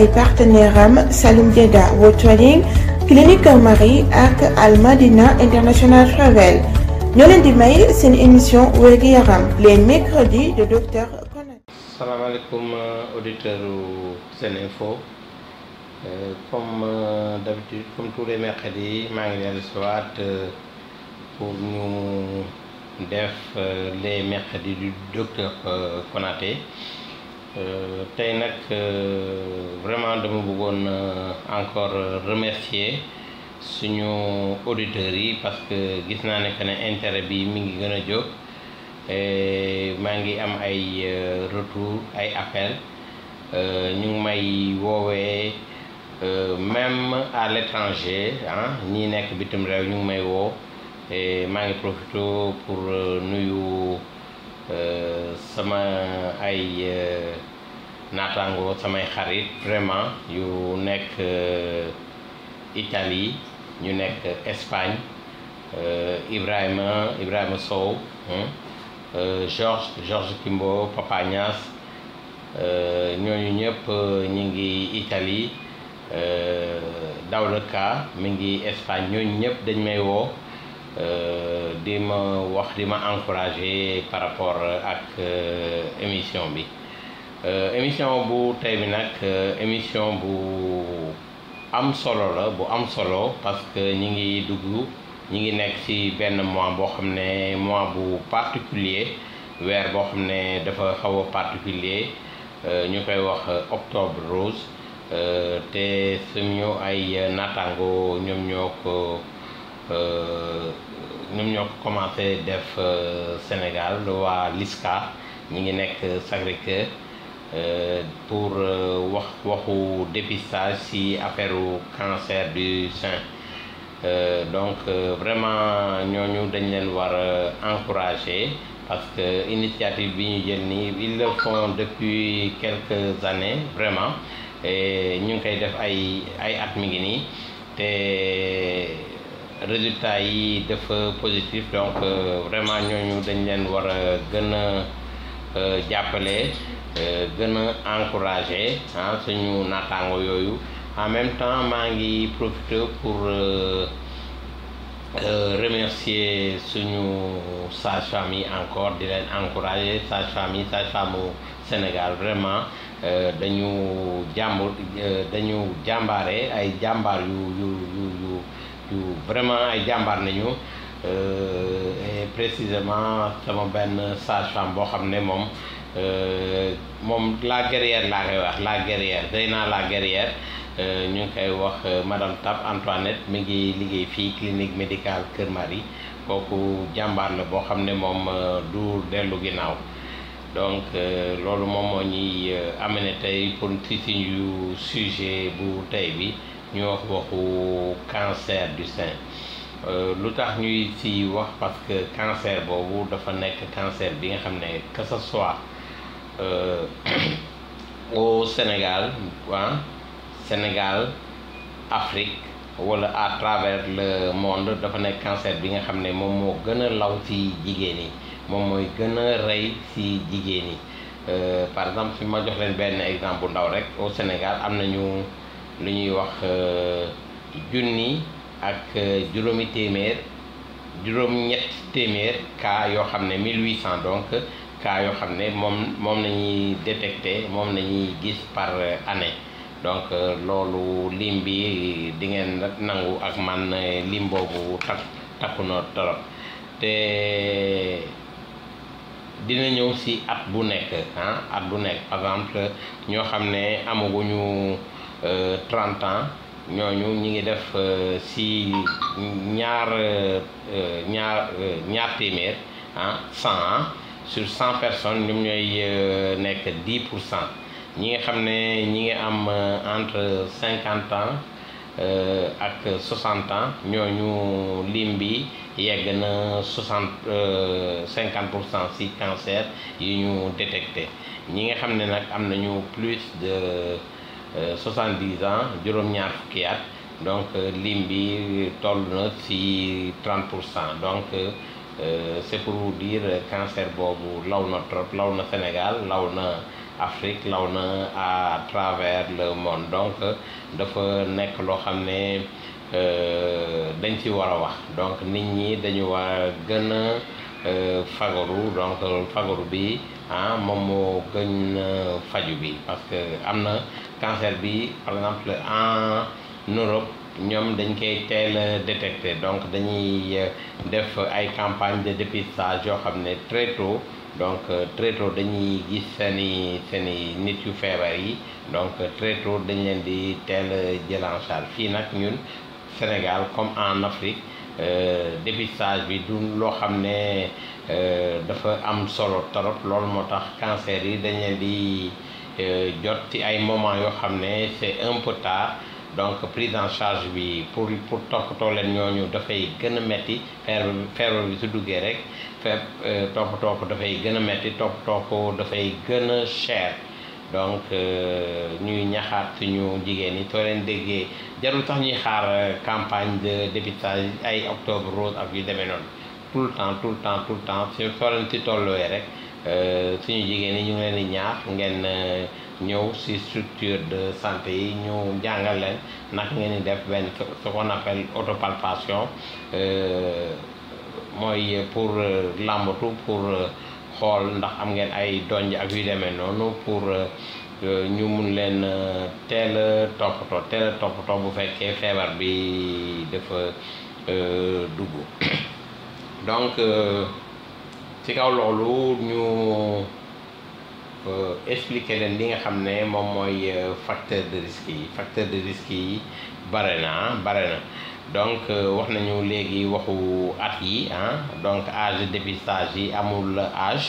ay partenaire am Saloum Dieda World Clinique Keur Marie ak Almadina International Travel ñoo leen may seen émission wérgu yaram les mercredis de docteur Konaté. salaamaaleykum euh, auditeurs Seneinfo euh, comme euh, mercredis maa ngi leen Euh, tey nag euh, vraiment dama bëggoon euh, encore remercier suñu auditeurs yi parce que gis naa ne que ne intérêt bi mi ngi gën a jóg maa ngi am ay retour ay appel ñu ngi may woowee même à l'étranger ah ñii nekk bitim réew ñu ngi may woo maa ngi profité pour nuyu Euh, sama ay euh, naataango samay xarit vraiment yu nekk euh, Italie ñu nekk Espagne Ibrahima Ibrahima Sow George George Kimbo Papa Niass ñooñu ñëpp ñu ngi Italie Daouda Ka mi ngi Espagne ñooñu ñëpp dañ may woo Euh, di ma wax di ma encourager par rapport ak euh, émission bi euh, émission bu tey bi nag émission bu am solo la bu am solo parce que ñi ngi dugg ñi ngi nekk ci benn mois boo xam ne mois bu particulier weer boo xam ne dafa xaw a particulier ñu koy wax octobre rose te suñu ay naataango ñoom ñoo ko Euh, ñoom ñoo ko commencé def euh, Sénégal waa LISCA ñi ngi nekk Sacré-Cœur euh, pour wax waxu dépistage ci affaire cancer du sein donc vraiment ñooñu dañ leen war a encourager parce que initiative bi ñu jël nii ils le font depuis quelques années vraiment ñu ngi koy def ay ay at mi ngi nii te. résultat yi dafa positif donc euh, vraiment ñooñu dañ leen war a gën a euh, jàppale euh, gën a encouragé ah suñu naataango yooyu en même temps maa ngi profité pour remercier suñu sage-femme yi encore di leen encouragé sage yi sage-femme Sénégal vraiment dañu jàmb dañu jàmbaare ay jàmbaar yu yu yu yu vraiment ay jàmbaar nañu euh, et précisément sama benn sage-femme boo xam ne moom euh, moom la guerrière laa koy wax la guerrière day naa la guerrière euh, ñu ngi koy wax madame Tap Antoinette mi ngi liggéey fii clinique médical Kër Marie kooku jàmbaar la boo xam ne moom du dellu ginnaaw donc loolu moom moo ñuy amené tey pour si suñu sujet bu tey bi. ñu wax waxu cancer du sein euh, lu tax ñuy ci wax parce que cancer boobu dafa nekk cancer bi nga xam ne que ce soit euh, au Sénégal ah Sénégal Afrique wala à travers le monde dafa nekk cancer bi nga xam ne moom moo gën a law ci jigéen yi moom mooy gën a rey ci jigéen yi euh, par exemple fi ma jox leen benn exemple bu ndaw rek au Sénégal am nañu. lu ñuy wax euh, junni ak euh, juróomi téeméer juróom-ñett téeméer cas yoo xam ne 1800 donc cas yoo xam ne moom moom la ñuy moom la gis par euh, année donc loolu lim bi dingeen ngeen nangu ak man lim boobu takk takku na torop te dina ñëw si at bu nekk ah, at bu nekk par exemple ñoo xam ne amaguñu. 30 euh, ans ñooñu ñi ngi def euh, si ñaar euh, ñaar ñaar téeméer ah 100 ans sur cent personnes ñoom ñooy nekk 10 pour cent ñi nga xam ne ñi ngi am entre 50 ans ak 60 ans ñooñu lim bi yegg na 60 50 pour cent si cancer yi ñu détecté ñi nga xam ne nag am nañu plus de. 70 ans juróom-ñaar fukki donc lim bi toll na ci 30 pour cent donc euh, c'est pour vous dire cancer boobu law na trop law na Sénégal law na Afrique law na à travers le monde donc dafa nekk loo xam ne euh, dañ ci war a wax donc nit ñi dañu war gën a euh, fagaru donc fagaru bi ah moom moo gën faju bi parce que am na cancer bi par exemple en Europe ñoom dañ koy teel a donc dañuy euh, def ay campagne de dépistage yoo xam ne très donc euh, très dañuy gis seeni seeni nit yu feebar yi donc très tôt dañ leen di teel a jël fii nag ñun Sénégal comme en Afrique euh, dépistage bi du loo xam ne dafa am solo torop loolu moo tax cancer yi dañ di Euh, jot ci ay moment yoo xam ne c'est un peu tard donc prise en charge bi pour pour toppatoo ñoo ñu dafay gën a metti feebar feebar bi su duggee rek feeb euh, toppatoo ko dafay gën a metti toppatoo ko dafay gën a cher. donc euh, ñuy ñaxaat suñu jigéen ñi soo leen déggee jarul sax ñuy xaar campagne de dépistage ay octobre rose ak yu demee noonu tout le temps tout le temps tout temps soo leen ci tolluwee rek. Euh, suñu jigéen ñi ñu ngi leen di ñaax ngeen euh, ñëw ci structure de santé yi ñu jàngal leen naka ngeen di def benn ce qu'on appelle autopalpation euh, mooy pour làmbatu pour xool ndax am ngeen ay donj ak yu demee noonu pour ñu mun leen teel a toppatoo teel a bu fekkee feebar bi dafa dugg donc. ci kaw loolu ñu euh, expliquer leen li nga xam ne moom mooy euh, facteur de risque yi facteur de risque yi bare na bare na donc euh, wax nañu léegi waxu at yi ah. donc âge de dépistage yi amul âge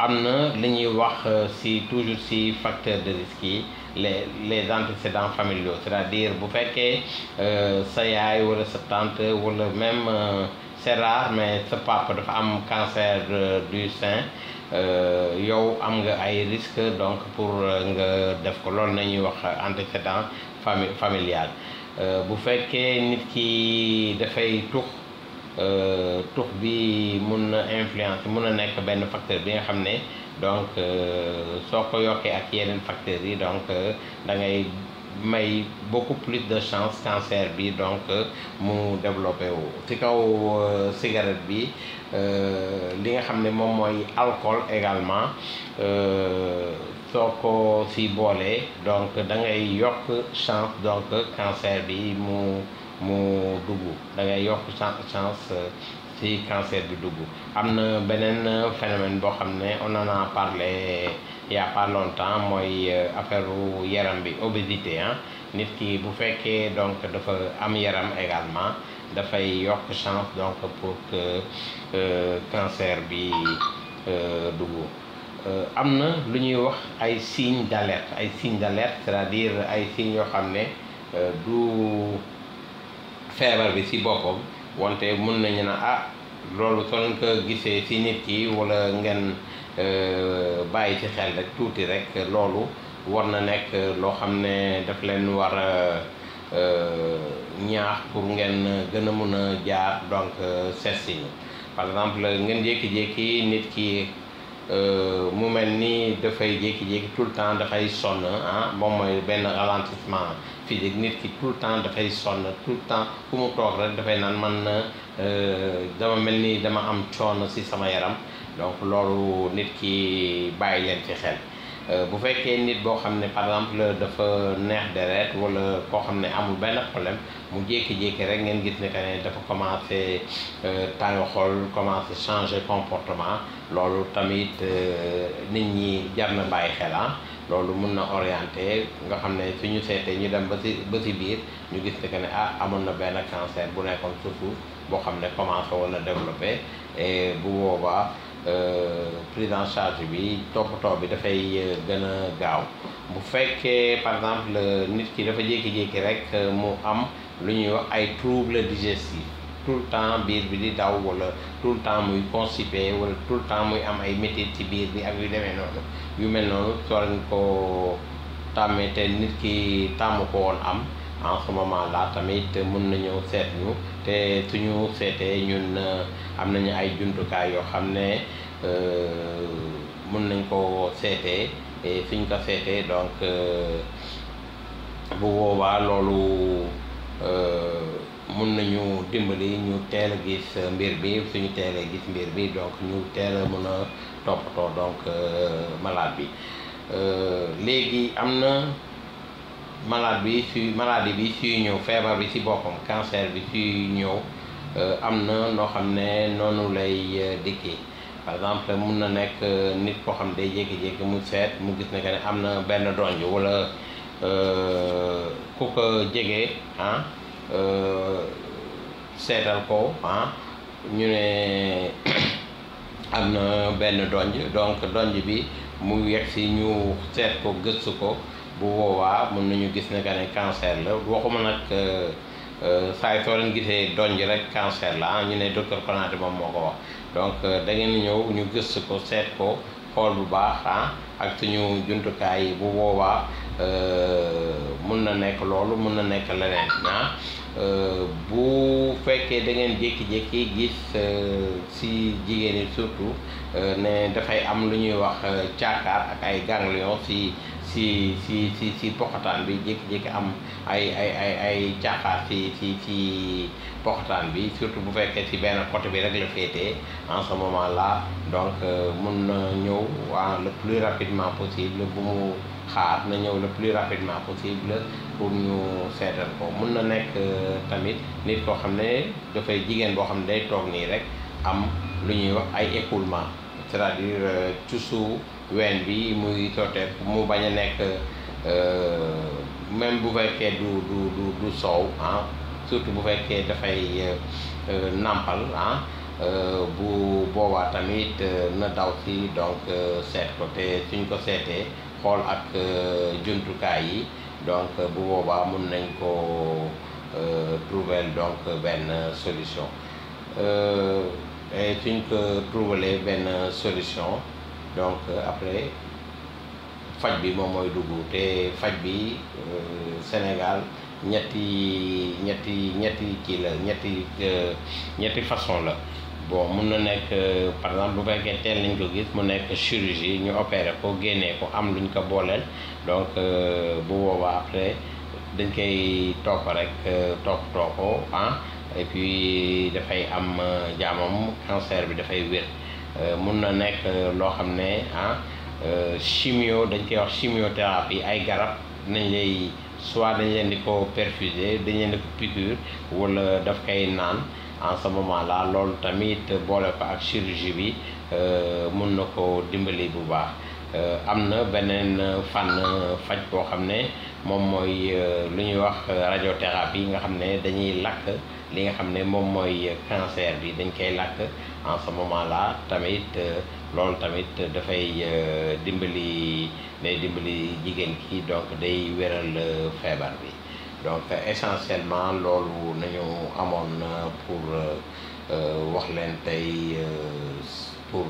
am na li ñuy wax ci toujours ci facteur de risque yi les les antécédents familiaux c'est-à-dire bu fekkee euh, sa yaay wala sa tante wala même euh, c'est rare mais sa papa dafa am cancer euh, du sein yow am nga ay risques donc pour nga def ko loolu la ñuy wax antécédent fami familial bu fekkee nit ki dafay tux tux bi mun na influence mun na nekk benn facteur bi nga xam ne donc euh, soo ko yokkee ak yeneen facteurs yi donc euh, da ngay may beaucoup plus de chance cancer bi donc euh, mu développé wu ci kaw cigarette bi li nga xam ne moom mooy alcool également soo ko si boolee donc da ngay yokk chance donc cancer bi mu mu dugg da ngay yokk chance ci cancer bi dugg am na beneen euh, phénomène boo xam ne on en a parlé il y a pas longtemps mooy euh, affaire yaram bi obésité ah nit ki bu fekkee donc dafa am yaram également dafay yokk chance donc pour que euh, cancer bi dugg am na lu ñuy wax ay signes d'alerte ay signes d'alerte c'est-à-dire ay signes yoo xam ne du feebar bi ci boppam wante mun nañu ne ah loolu son ko gisee ci nit ki walla ngeen euh, bàyyi ci xel rek tuuti rek loolu war na nekk loo xam ne daf leen war a euh, ñaax pour ngeen gën a mun a jaar donc euh, seet si par exemple ngeen jékki-jékki nit ki. Euh, mu mel ni dafay jékki-jékki tout le temps dafay son ah moom mooy benn ralentissement physique nit ki tout le temps dafay son tout le temps ku mu toog rek dafay naan man na euh, dama mel nii dama am coono si sama yaram donc loolu nit ki bàyyi leen ci xel. Euh, bu fekkee nit boo xam ne par exemple dafa neex deret wala koo xam ne amul benn problème mu jékki-jékki rek ngeen gis ne que ne dafa commencé euh, tàng xol commencé changer comportement loolu tamit euh, nit ñi jar na bàyyi xel ah. loolu mun na orienté nga xam ne su ñu seetee ñu dem ba si ba si biir ñu gis ne que ne ah amoon na benn cancer bu nekkoon suuf boo xam ne commencé woon na développé et bu boobaa. Euh, prise en charge bi toppatoo bi dafay euh, gën a gaaw bu fekkee par exemple nit ki dafa jékki-jékki rek euh, mu am lu ñuy wax ay trouble digestif tout le temps biir bi di daw wala tout le temps muy constipé wala tout le temps muy am ay metit ci biir bi ak yu demee noonu yu mel noonu soo leen ko tàmmee te nit ki tàmm ko woon am en ce moment là tamit mën nañoo seet ñu te suñu seetee ñun am nañu ay jumtukaay yoo xam ne euh, mën nañ ko seetee suñ ko seetee donc euh, bu boobaa loolu euh, mun nañu dimbali ñu teel a gis mbir bi suñu teelee gis mbir bi donc ñu teel a mën a donc malade bi léegi am na malade bi su maladie bi suy ñëw feebar bi ci boppam cancer bi suy ñëw euh, am na noo xam ne noonu lay euh, dikkee par exemple mun na nekk euh, nit koo xam day jékki-jékki mu seet mu gis ne que am na benn donj wala ku ko jege ah ko ah, ñu ne am na benn donj donc donj bi mu yegg si ñu seet ko gëstu ko. bu boobaa mën nañu gis ne que ne cancer la waxuma nag euh, euh, saay soo leen gisee donj rek cancer la ah ñu ne docteur Konaté moom moo ko wax donc euh, da ngeen ñëw ñu gëstu ko seet ko xool bu baax ah ak suñu jumtukaay yi bu boobaa mun na nekk loolu mun na nekk leneen ah bu fekkee da ngeen jékki-jékki gis si jigéen surtout ne dafay am lu ñuy wax caakaar ak ay ganglion si si si si si bi jékki-jékki am ay ay ay ay caaxaar ci ci ci poqataan bi surtout bu fekkee si benn côté bi rek la féetee en moment là donc euh, mun na ñëw waa le plus rapidement possible bu mu xaar na ñëw le plus rapidement possible pour ñu seetal ko mun na nekk euh, tamit nit koo xam ne dafay jigéen boo xam ne day toog nii rek am lu ñuy wax ay écoulement c'est-à-dire euh, ci ween bi muy sotteek mu bañ a nekk euh, même bu fekkee du du du soow ah surtout bu fekkee dafay euh, euh, nàmpal ah bu boobaa tamit na daw si donc seet ko te suñ ko seetee xool ak jumtukaay yi donc bu boobaa mun nañ koo trouver donc benn solution suñ ko trouver benn solution donc euh, après faj bi moom mooy dugg te faj bi euh, Sénégal ñetti ñetti ñetti kii la ñetti euh, ñetti façon la boo mun na nekk par exemple bu fekkee teel nañ ko gis mu nekk chirurgie ñu opéré ko génnee ko am luñ ko booleel donc bu boobaa après dañ koy topp rek topp tooko ah et puis dafay am jaamam cancer bi dafay wér Euh, mun na nekk euh, loo xam ne ah euh, chimio dañ koy wax chimiothérapie ay garab nañ lay soit dañ leen di ko perfusé dañ leen di ko piqûre wala daf koy naan en ce moment là loolu tamit boole ko ak chirurgie bi mun na ko dimbali bu baax. Euh, am na beneen euh, fànn euh, faj boo xam ne moom mooy lu ñuy wax radiothérapie nga xam ne dañuy lakk li nga xam ne moom mooy cancer bi dañ koy lakk en ce moment là tamit loolu tamit dafay dimbali day dimbali jigéen ki donc day wéral feebar bi donc essentiellement loolu nañu amoon pour wax leen tey pour.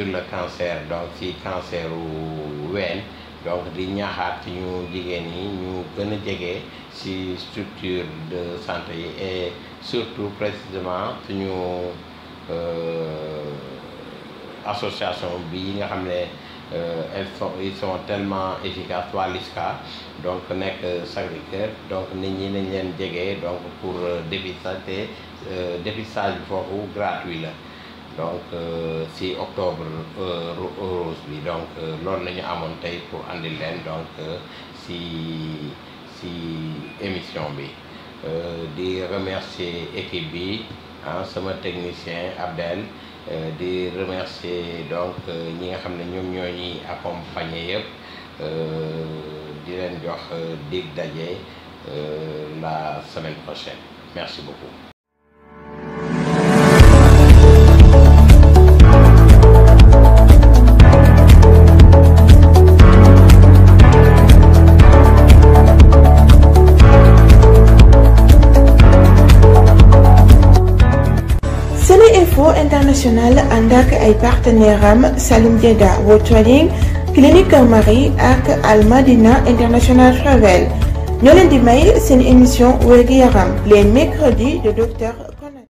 sur le cancer donc ci cancer wu ween donc di ñaxaat ñu jigéen ñi ñu gën a jege ci structure de santé yi et surtout précisément suñu euh, association bi yi nga xam ne euh, elles sont ils sont tellement efficaces waa LISCA donc nekk Sacré-Cœur donc nit ñi nañ leen jege donc pour euh, dépistage dépistage bi foofu gratuit la. donc euh, si octobre euh, euh, rose bi donc loolu la amoon tey pour andil leen donc si si émission bi di remercier équipe bi ah sama technicien Abdel di remercier donc ñi nga xam ne ñoom ñoo ñuy accompagner yëpp di leen jox dig daje la semaine prochaine merci beaucoup. ànd ak ay partenaire am Salim Dieda World Trading Clinique Marie ak Al Madina International Travel ñoo leen di may seen émission wér-gu-yaram les mercredis de docteur